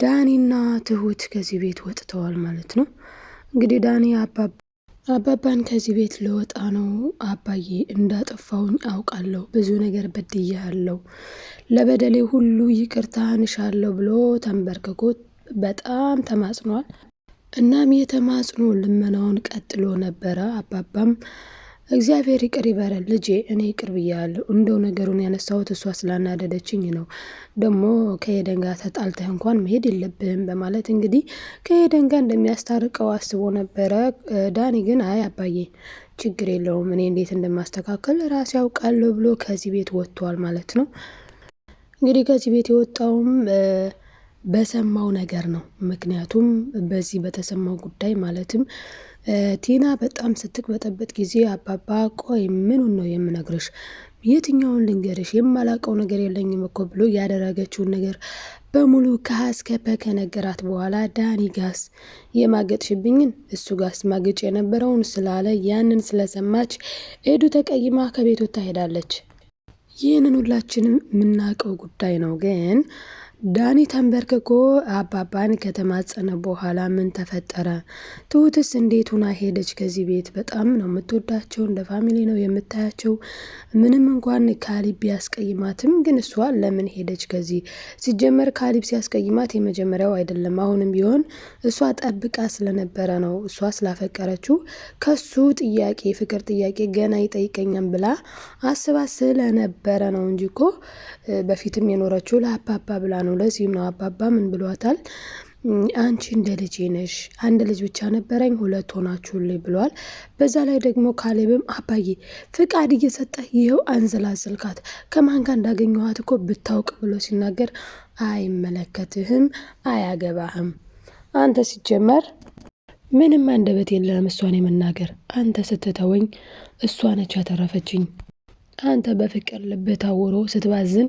ዳኒና ትሁት ከዚህ ቤት ወጥተዋል ማለት ነው። እንግዲህ ዳኒ አባባን ከዚህ ቤት ለወጣ ነው፣ አባዬ እንዳጠፋውኝ አውቃለሁ፣ ብዙ ነገር በድያለሁ፣ ለበደሌ ሁሉ ይቅርታ እንሻለሁ ብሎ ተንበርክኮ በጣም ተማጽኗል። እናም የተማጽኖ ልመናውን ቀጥሎ ነበረ አባባም እግዚአብሔር ይቅር ይበለን ልጄ፣ እኔ ይቅር ብያለሁ። እንደው ነገሩን ያነሳሁት እሷ ስላናደደችኝ ነው። ደግሞ ከሄደን ጋር ተጣልተህ እንኳን መሄድ የለብህም በማለት እንግዲህ ከኤደን ጋር እንደሚያስታርቀው አስቦ ነበረ። ዳኒ ግን አይ አባዬ ችግር የለውም እኔ እንዴት እንደማስተካከል ራሴ ያውቃለሁ ብሎ ከዚህ ቤት ወጥቷል ማለት ነው። እንግዲህ ከዚህ ቤት የወጣውም በሰማው ነገር ነው። ምክንያቱም በዚህ በተሰማው ጉዳይ ማለትም ቲና በጣም ስትቅበጠበት ጊዜ አባባ ቆይ ምኑን ነው የምነግርሽ? የትኛውን ልንገርሽ? የማላቀው ነገር የለኝም እኮ ብሎ ያደረገችውን ነገር በሙሉ ከሀስከፐ ከነገራት በኋላ ዳኒ ጋስ የማገጥሽብኝን እሱ ጋስ ማገጭ የነበረውን ስላለ ያንን ስለሰማች ኤዱ ተቀይማ ከቤት ሄዳለች። ይህንን ሁላችንም የምናውቀው ጉዳይ ነው ግን ዳኒ ተንበርክኮ አባባን ከተማጸነ በኋላ ምን ተፈጠረ? ትሁትስ እንዴት ሁና ሄደች ከዚህ ቤት? በጣም ነው የምትወዳቸው፣ እንደ ፋሚሊ ነው የምታያቸው። ምንም እንኳን ካሊብ ቢያስቀይማትም ግን እሷ ለምን ሄደች ከዚህ? ሲጀመር ካሊብ ሲያስቀይማት የመጀመሪያው አይደለም። አሁንም ቢሆን እሷ ጠብቃ ስለነበረ ነው እሷ ስላፈቀረችው ከሱ ጥያቄ ፍቅር ጥያቄ ገና ይጠይቀኛም ብላ አስባ ስለነበረ ነው እንጂ እኮ በፊትም የኖረችው ለአባባ ብላ ነው ነው። ለዚህም ነው አባባ ምን ብሏታል? አንቺ እንደ ልጄ ነሽ፣ አንድ ልጅ ብቻ ነበረኝ፣ ሁለት ሆናችሁልኝ ብለዋል። በዛ ላይ ደግሞ ካሌብም አባዬ ፍቃድ እየሰጠ ይኸው አንዘላዘልካት ከማን ጋር እንዳገኘኋት እኮ ብታውቅ ብሎ ሲናገር አይመለከትህም፣ አያገባህም፣ አንተ ሲጀመር ምንም አንደበት የለም እሷን የመናገር አንተ ስትተወኝ እሷ ነች ያተረፈችኝ አንተ በፍቅር ልብህ ታውሮ ስትባዝን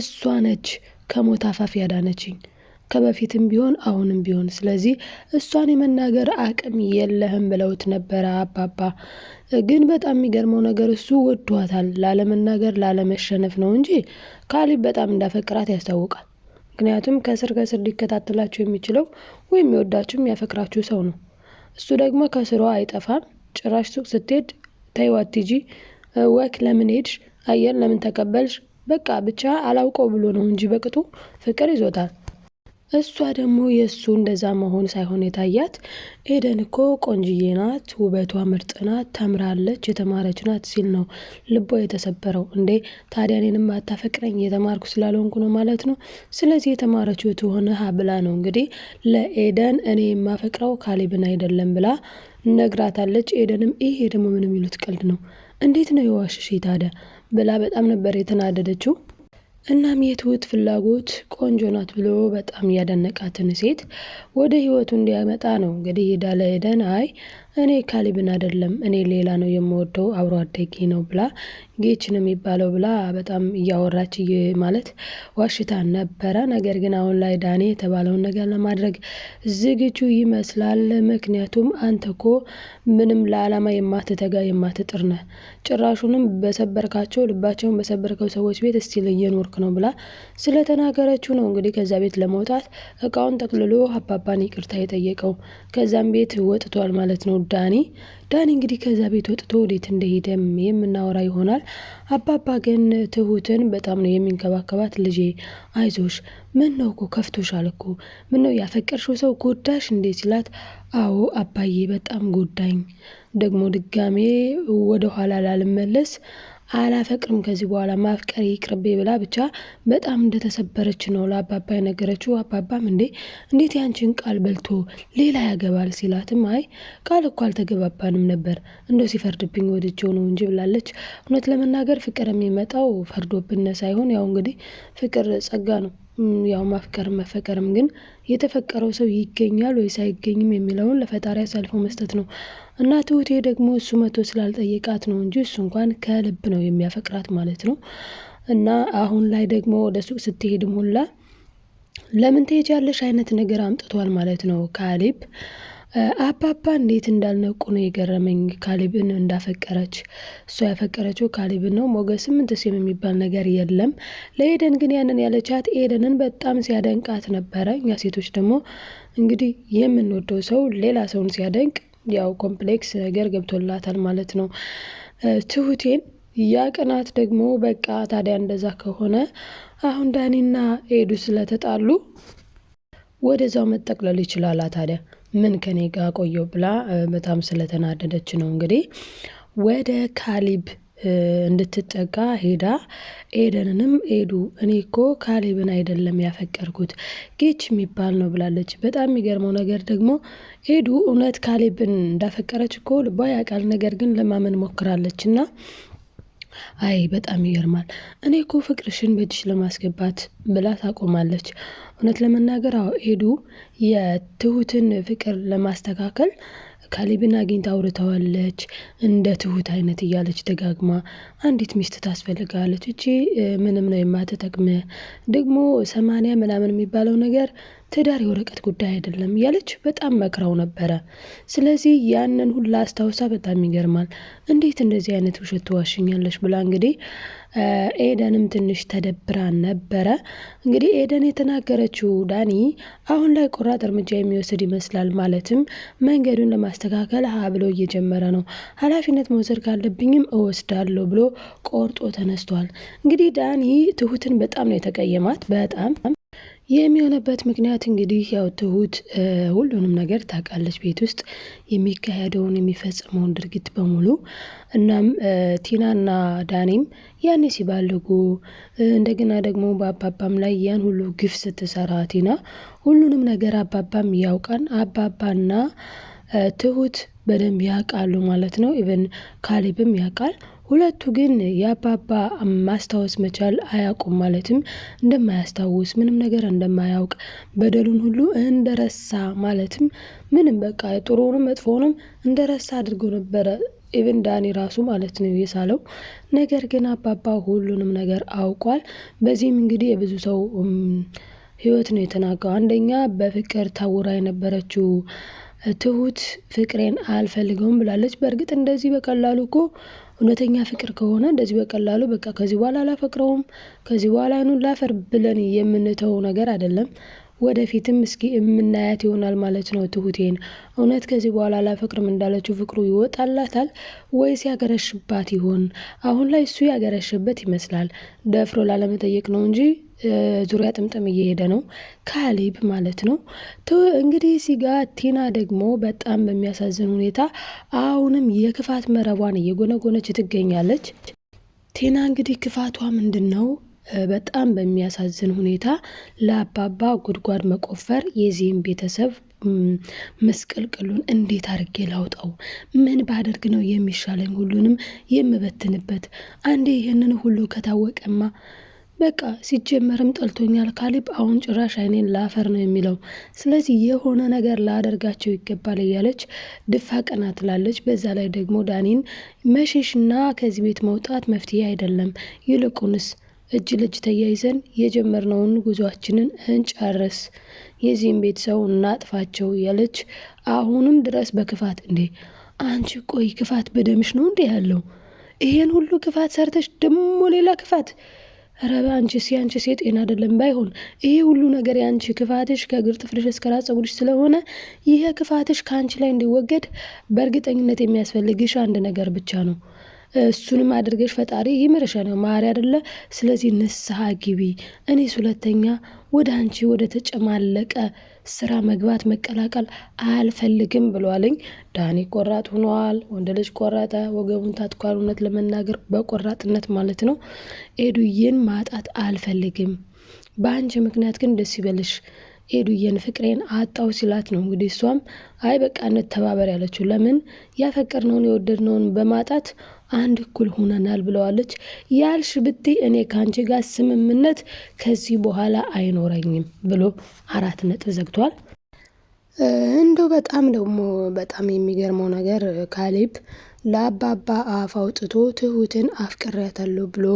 እሷ ነች ከሞት አፋፍ ያዳነችኝ ከበፊትም ቢሆን አሁንም ቢሆን ስለዚህ እሷን የመናገር አቅም የለህም ብለውት ነበረ አባባ። ግን በጣም የሚገርመው ነገር እሱ ወዷታል፣ ላለመናገር ላለመሸነፍ ነው እንጂ ካሊብ በጣም እንዳፈቅራት ያስታውቃል። ምክንያቱም ከስር ከስር ሊከታተላችሁ የሚችለው ወይም የወዳችሁ የሚያፈቅራችሁ ሰው ነው። እሱ ደግሞ ከስሯ አይጠፋም። ጭራሽ ሱቅ ስትሄድ ተይዋት ወክ ለምን ሄድሽ፣ አየር ለምን ተቀበልሽ በቃ ብቻ አላውቀው ብሎ ነው እንጂ በቅጡ ፍቅር ይዞታል። እሷ ደግሞ የእሱ እንደዛ መሆን ሳይሆን የታያት ኤደን እኮ ቆንጅዬ ናት፣ ውበቷ ምርጥ ናት፣ ተምራለች፣ የተማረች ናት ሲል ነው ልቧ የተሰበረው። እንዴ ታዲያ እኔንም አታፈቅረኝ የተማርኩ ስላልሆንኩ ነው ማለት ነው? ስለዚህ የተማረችው ትሆነ ብላ ነው እንግዲህ ለኤደን እኔ የማፈቅረው ካሌብን አይደለም ብላ ነግራታለች። ኤደንም ይሄ ደግሞ ምን የሚሉት ቀልድ ነው? እንዴት ነው የዋሽሽ ታዲያ ብላ በጣም ነበር የተናደደችው እናም የትሁት ፍላጎት ቆንጆ ናት ብሎ በጣም እያደነቃትን ሴት ወደ ህይወቱ እንዲያመጣ ነው። እንግዲህ ሄዳ ለሄደን አይ እኔ ካሊብን አይደለም እኔ ሌላ ነው የምወደው አብሮ አደጌ ነው ብላ ጌች ነው የሚባለው ብላ በጣም እያወራች ማለት ዋሽታ ነበረ። ነገር ግን አሁን ላይ ዳኔ የተባለውን ነገር ለማድረግ ዝግጁ ይመስላል። ምክንያቱም አንተ ኮ ምንም ለዓላማ የማትተጋ የማትጥር ነ ጭራሹንም በሰበርካቸው ልባቸውን በሰበርከው ሰዎች ቤት እስቲል እየኖርክ ነው ብላ ስለተናገረችው ነው እንግዲህ ከዛ ቤት ለመውጣት እቃውን ጠቅልሎ አባባን ይቅርታ የጠየቀው። ከዛም ቤት ወጥቷል ማለት ነው ዳኒ። ዳኒ እንግዲህ ከዛ ቤት ወጥቶ ወዴት እንደሄደም የምናወራ ይሆናል። አባባ ግን ትሁትን በጣም ነው የሚንከባከባት። ልጄ አይዞሽ፣ ምን ነው እኮ ከፍቶሻል እኮ ምን ነው ያፈቀርሽው ሰው ጎዳሽ እንዴ ሲላት፣ አዎ አባዬ በጣም ጎዳኝ፣ ደግሞ ድጋሜ ወደኋላ ላልመለስ አላፈቅርም ከዚህ በኋላ ማፍቀር ይቅርቤ ብላ ብቻ በጣም እንደተሰበረች ነው ለአባባ የነገረችው። አባባም እንዴ እንዴት ያንቺን ቃል በልቶ ሌላ ያገባል ሲላትም አይ ቃል እኮ አልተገባባንም ነበር እንደ ሲፈርድብኝ ወድጄው ነው እንጂ ብላለች። እውነት ለመናገር ፍቅር የሚመጣው ፈርዶብነ ሳይሆን ያው እንግዲህ ፍቅር ጸጋ ነው። ያው ማፍቀር መፈቀርም ግን የተፈቀረው ሰው ይገኛል ወይስ አይገኝም የሚለውን ለፈጣሪ አሳልፎ መስጠት ነው እና ትሁቴ ደግሞ እሱ መቶ ስላልጠየቃት ነው እንጂ እሱ እንኳን ከልብ ነው የሚያፈቅራት ማለት ነው። እና አሁን ላይ ደግሞ ወደ ሱቅ ስትሄድ ሞላ ለምን ትሄጃለሽ አይነት ነገር አምጥቷል ማለት ነው ካሌብ። አባባ እንዴት እንዳልነቁ ነው የገረመኝ። ካሊብን እንዳፈቀረች እሷ ያፈቀረችው ካሊብን ነው። ሞገስም እንትስም የሚባል ነገር የለም። ለኤደን ግን ያንን ያለቻት ኤደንን በጣም ሲያደንቃት ነበረ። እኛ ሴቶች ደግሞ እንግዲህ የምንወደው ሰው ሌላ ሰውን ሲያደንቅ ያው ኮምፕሌክስ ነገር ገብቶላታል ማለት ነው። ትሁቴን ያ ቅናት ደግሞ በቃ ታዲያ እንደዛ ከሆነ አሁን ዳኒና ኤዱ ስለተጣሉ ወደዛው መጠቅለል ይችላላ ታዲያ ምን ከኔ ጋር ቆየው ብላ በጣም ስለተናደደች ነው እንግዲህ ወደ ካሊብ እንድትጠጋ ሄዳ ኤደንንም ኤዱ እኔ እኮ ካሌብን አይደለም ያፈቀርኩት ጌች የሚባል ነው ብላለች። በጣም የሚገርመው ነገር ደግሞ ኤዱ እውነት ካሌብን እንዳፈቀረች እኮ ልቧ ያውቃል፣ ነገር ግን ለማመን ሞክራለች እና አይ በጣም ይገርማል። እኔ እኮ ፍቅርሽን በእጅሽ ለማስገባት ብላ ታቆማለች። እውነት ለመናገር አዎ ኤዱ የትሁትን ፍቅር ለማስተካከል ካሌብን አግኝታ አውርተዋለች። እንደ ትሁት አይነት እያለች ደጋግማ አንዲት ሚስት ታስፈልጋለች። እቺ ምንም ነው የማትጠቅም ደግሞ ሰማንያ ምናምን የሚባለው ነገር ትዳር የወረቀት ጉዳይ አይደለም እያለች በጣም መክራው ነበረ። ስለዚህ ያንን ሁላ አስታውሳ በጣም ይገርማል፣ እንዴት እንደዚህ አይነት ውሸት ትዋሽኛለች ብላ እንግዲህ ኤደንም ትንሽ ተደብራ ነበረ። እንግዲህ ኤደን የተናገረችው ዳኒ አሁን ላይ ቆራጥ እርምጃ የሚወስድ ይመስላል። ማለትም መንገዱን ለማስተካከል ሀ ብሎ እየጀመረ ነው። ኃላፊነት መውሰድ ካለብኝም እወስዳለሁ ብሎ ቆርጦ ተነስቷል። እንግዲህ ዳኒ ትሁትን በጣም ነው የተቀየማት በጣም የሚሆነበት ምክንያት እንግዲህ ያው ትሁት ሁሉንም ነገር ታውቃለች፣ ቤት ውስጥ የሚካሄደውን የሚፈጸመውን ድርጊት በሙሉ። እናም ቲናና ዳኔም ያኔ ሲባልጉ እንደገና ደግሞ በአባባም ላይ ያን ሁሉ ግፍ ስትሰራ ቲና ሁሉንም ነገር አባባም ያውቃን አባባና ትሁት በደንብ ያውቃሉ ማለት ነው። ኢቨን ካሊብም ያውቃል። ሁለቱ ግን የአባባ ማስታወስ መቻል አያውቁም። ማለትም እንደማያስታውስ ምንም ነገር እንደማያውቅ በደሉን ሁሉ እንደረሳ ማለትም ምንም በቃ ጥሩውንም መጥፎንም እንደረሳ አድርጎ ነበረ። ኢብን ዳኒ ራሱ ማለት ነው የሳለው። ነገር ግን አባባ ሁሉንም ነገር አውቋል። በዚህም እንግዲህ የብዙ ሰው ህይወት ነው የተናጋው። አንደኛ በፍቅር ታውራ የነበረችው ትሁት ፍቅሬን አልፈልገውም ብላለች። በእርግጥ እንደዚህ በቀላሉ እኮ እውነተኛ ፍቅር ከሆነ እንደዚህ በቀላሉ በቃ ከዚህ በኋላ አላፈቅረውም ከዚህ በኋላ አይኑን ላፈር ብለን የምንተው ነገር አይደለም። ወደፊትም እስኪ የምናያት ይሆናል ማለት ነው። ትሁቴን እውነት ከዚህ በኋላ አላፈቅርም እንዳለችው ፍቅሩ ይወጣላታል ወይስ ያገረሽባት ይሆን? አሁን ላይ እሱ ያገረሽበት ይመስላል። ደፍሮ ላለመጠየቅ ነው እንጂ ዙሪያ ጥምጥም እየሄደ ነው ካሌብ ማለት ነው። እንግዲህ ሲጋ ቲና ደግሞ በጣም በሚያሳዝን ሁኔታ አሁንም የክፋት መረቧን እየጎነጎነች ትገኛለች። ቲና እንግዲህ ክፋቷ ምንድን ነው? በጣም በሚያሳዝን ሁኔታ ለአባባ ጉድጓድ መቆፈር የዚህም ቤተሰብ መስቀልቅሉን እንዴት አድርጌ ላውጣው? ምን ባደርግ ነው የሚሻለኝ? ሁሉንም የምበትንበት አንዴ ይህንን ሁሉ ከታወቀማ በቃ ሲጀመርም ጠልቶኛል ካሊብ አሁን ጭራሽ አይኔን ላፈር ነው የሚለው። ስለዚህ የሆነ ነገር ላደርጋቸው ይገባል እያለች ድፋ ቀና ትላለች። በዛ ላይ ደግሞ ዳኒን መሸሽና ከዚህ ቤት መውጣት መፍትሄ አይደለም። ይልቁንስ እጅ ለእጅ ተያይዘን የጀመርነውን ጉዟችንን እንጨርስ፣ የዚህም ቤተሰው እናጥፋቸው እያለች አሁንም ድረስ በክፋት እንዴ አንቺ ቆይ ክፋት በደምሽ ነው እንዴ ያለው? ይሄን ሁሉ ክፋት ሰርተሽ ደሞ ሌላ ክፋት ኧረ አንቺስ የአንቺስ የጤና አይደለም። ባይሆን ይሄ ሁሉ ነገር የአንቺ ክፋትሽ ከእግር ጥፍርሽ እስከ ራስ ፀጉርሽ ስለሆነ ይሄ ክፋትሽ ከአንቺ ላይ እንዲወገድ በእርግጠኝነት የሚያስፈልግሽ አንድ ነገር ብቻ ነው። እሱንም አድርገሽ ፈጣሪ ይምርሻ ነው ማሪ አደለ። ስለዚህ ንስሐ ግቢ። እኔስ ሁለተኛ ወደ አንቺ ወደ ተጨማለቀ ስራ መግባት መቀላቀል አልፈልግም ብሏልኝ። ዳኒ ቆራጥ ሆኗል። ወንድ ልጅ ቆረጠ፣ ወገቡን ታጥቋል። እውነት ለመናገር በቆራጥነት ማለት ነው። ኤዱዬን ማጣት አልፈልግም። በአንቺ ምክንያት ግን ደስ ይበልሽ ኤዱዬን ፍቅሬን አጣው ሲላት ነው እንግዲህ እሷም አይ በቃ እንተባበር ያለችው። ለምን ያፈቀርነውን የወደድነውን በማጣት አንድ እኩል ሆነናል ብለዋለች። ያልሽ ብቴ እኔ ከአንቺ ጋር ስምምነት ከዚህ በኋላ አይኖረኝም ብሎ አራት ነጥብ ዘግቷል። እንደው በጣም ደግሞ በጣም የሚገርመው ነገር ካሌብ ለአባባ አፍ አውጥቶ ትሁትን አፍቅሬያታለሁ ብሎ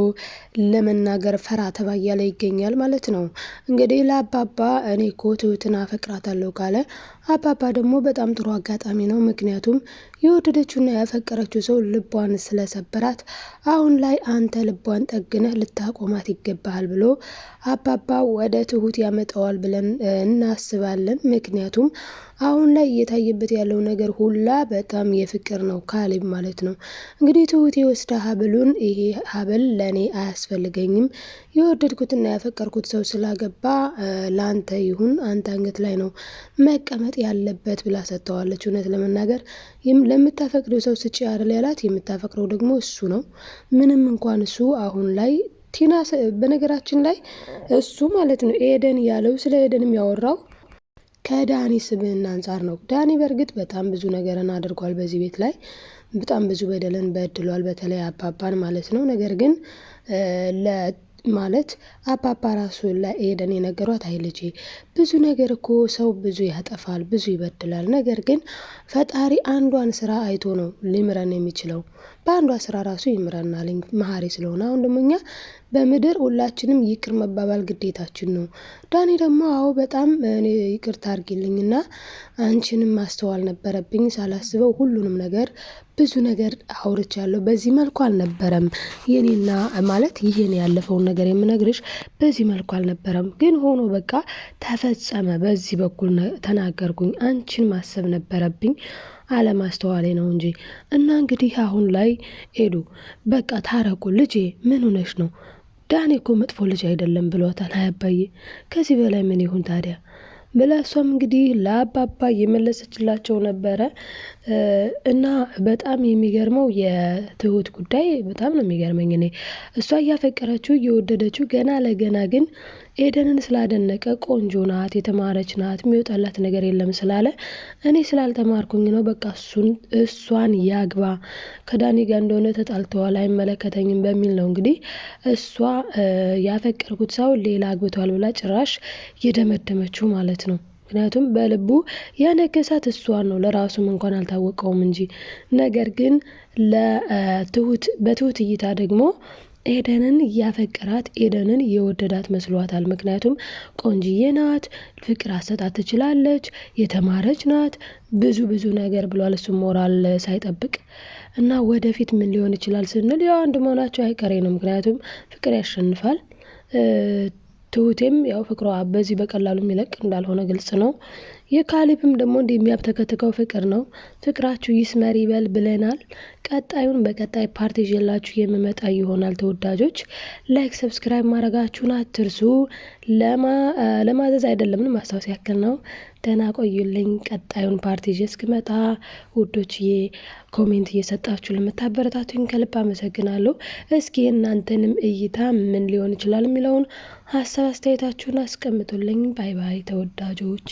ለመናገር ፈራ ተባ እያለ ይገኛል ማለት ነው። እንግዲህ ለአባባ እኔ እኮ ትሁትን አፈቅራታለሁ ካለ አባባ ደግሞ በጣም ጥሩ አጋጣሚ ነው። ምክንያቱም የወደደችውና ያፈቀረችው ሰው ልቧን ስለሰበራት አሁን ላይ አንተ ልቧን ጠግነህ ልታቆማት ይገባሃል ብሎ አባባ ወደ ትሁት ያመጣዋል ብለን እናስባለን። ምክንያቱም አሁን ላይ እየታየበት ያለው ነገር ሁላ በጣም የፍቅር ነው ካሌብ ማለት ነው። እንግዲህ ትሁቴ ወስዳ ሀብሉን ይሄ ሀብል ለእኔ አያስፈልገኝም፣ የወደድኩትና ያፈቀርኩት ሰው ስላገባ ለአንተ ይሁን፣ አንተ አንገት ላይ ነው መቀመጥ ያለበት ብላ ሰጥተዋለች። እውነት ለመናገር ለምታፈቅደው ሰው ስጪ አይደል ያላት፣ የምታፈቅረው ደግሞ እሱ ነው። ምንም እንኳን እሱ አሁን ላይ ቲና በነገራችን ላይ እሱ ማለት ነው ኤደን ያለው ስለ ኤደን የሚያወራው ከዳኒ ስብዕና አንጻር ነው። ዳኒ በእርግጥ በጣም ብዙ ነገርን አድርጓል። በዚህ ቤት ላይ በጣም ብዙ በደልን በድሏል፣ በተለይ አባባን ማለት ነው። ነገር ግን ማለት አባባ ራሱ ለኤደን የነገሯት አይ ልጄ ብዙ ነገር እኮ ሰው ብዙ ያጠፋል፣ ብዙ ይበድላል። ነገር ግን ፈጣሪ አንዷን ስራ አይቶ ነው ሊምረን የሚችለው በአንዷ ስራ ራሱ ይምረናል መሀሪ ስለሆነ። አሁን ደግሞ እኛ በምድር ሁላችንም ይቅር መባባል ግዴታችን ነው። ዳኒ ደግሞ አዎ በጣም ታርጊልኝ አድርጊልኝና አንቺንም ማስተዋል ነበረብኝ ሳላስበው ሁሉንም ነገር ብዙ ነገር አውርቻለሁ። በዚህ መልኩ አልነበረም የኔና ማለት ይህን ያለፈውን ነገር የምነግርሽ በዚህ መልኩ አልነበረም፣ ግን ሆኖ በቃ ተፈጸመ። በዚህ በኩል ተናገርኩኝ። አንቺን ማሰብ ነበረብኝ። አለማስተዋሌ ነው እንጂ። እና እንግዲህ አሁን ላይ ኤዱ በቃ ታረቁ፣ ልጄ ምን ሆነሽ ነው? ዳኔ እኮ መጥፎ ልጅ አይደለም ብሏታል። አያባዬ ከዚህ በላይ ምን ይሁን ታዲያ ብላ እሷም እንግዲህ ለአባባ እየመለሰችላቸው ነበረ እና በጣም የሚገርመው የትሁት ጉዳይ በጣም ነው የሚገርመኝ። እኔ እሷ እያፈቀረችው እየወደደችው ገና ለገና ግን ኤደንን ስላደነቀ ቆንጆ ናት፣ የተማረች ናት፣ የሚወጣላት ነገር የለም ስላለ እኔ ስላልተማርኩኝ ነው በቃ እሱን እሷን ያግባ ከዳኒ ጋር እንደሆነ ተጣልተዋል አይመለከተኝም በሚል ነው እንግዲህ እሷ ያፈቀርኩት ሰው ሌላ አግብተዋል ብላ ጭራሽ የደመደመችው ማለት ነው። ምክንያቱም በልቡ የነገሳት እሷን ነው። ለራሱም እንኳን አልታወቀውም እንጂ ነገር ግን ለትሁት በትሁት እይታ ደግሞ ኤደንን እያፈቀራት ኤደንን የወደዳት መስሏታል። ምክንያቱም ቆንጅዬ ናት፣ ፍቅር አሰጣት ትችላለች፣ የተማረች ናት፣ ብዙ ብዙ ነገር ብሏል። እሱ ሞራል ሳይጠብቅ እና ወደፊት ምን ሊሆን ይችላል ስንል ያው አንድ መሆናቸው አይቀሬ ነው። ምክንያቱም ፍቅር ያሸንፋል። ትሁቴም ያው ፍቅሯ በዚህ በቀላሉ የሚለቅ እንዳልሆነ ግልጽ ነው። የካሊብም ደግሞ እንደሚያብተከትከው ፍቅር ነው። ፍቅራችሁ ይስመር ይበል ብለናል። ቀጣዩን በቀጣይ ፓርቲ ይዤላችሁ የምመጣ ይሆናል። ተወዳጆች ላይክ፣ ሰብስክራይብ ማድረጋችሁን አትርሱ። ለማዘዝ አይደለም ማስታወስ ያክል ነው። ደህና ቆዩልኝ። ቀጣዩን ፓርቲ ይዤ እስክመጣ ውዶችዬ፣ ኮሜንት እየሰጣችሁ ለምታበረታቱኝ ከልብ አመሰግናለሁ። እስኪ እናንተንም እይታ ምን ሊሆን ይችላል የሚለውን ሀሳብ አስተያየታችሁን አስቀምጡልኝ። ባይ ባይ ተወዳጆች።